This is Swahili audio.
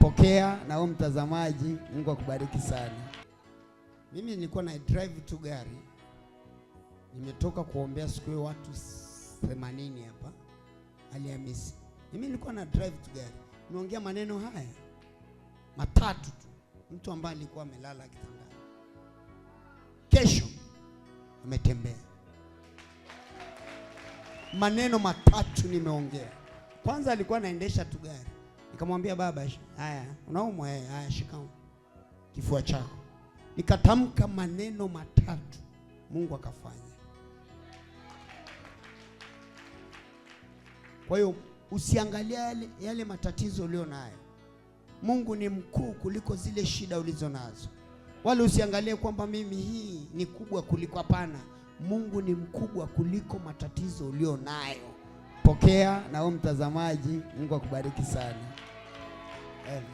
Pokea na wewe mtazamaji, Mungu akubariki sana. Mimi nilikuwa na drive tu gari, nimetoka kuombea siku hiyo watu 80 hapa Alhamisi. Mimi nilikuwa na drive tu gari, niongea maneno haya matatu tu, mtu ambaye alikuwa amelala kitandani, kesho ametembea. Maneno matatu nimeongea. Kwanza alikuwa anaendesha tu gari Nikamwambia baba, haya unaumwa? Eh, haya, shika kifua chako. Nikatamka maneno matatu, Mungu akafanya. Kwa hiyo usiangalia yale, yale matatizo ulio nayo. Mungu ni mkuu kuliko zile shida ulizo nazo, wala usiangalie kwamba mimi hii ni kubwa kuliko. Hapana, Mungu ni mkubwa kuliko matatizo ulio nayo. Pokea na wewe mtazamaji, Mungu akubariki sana. and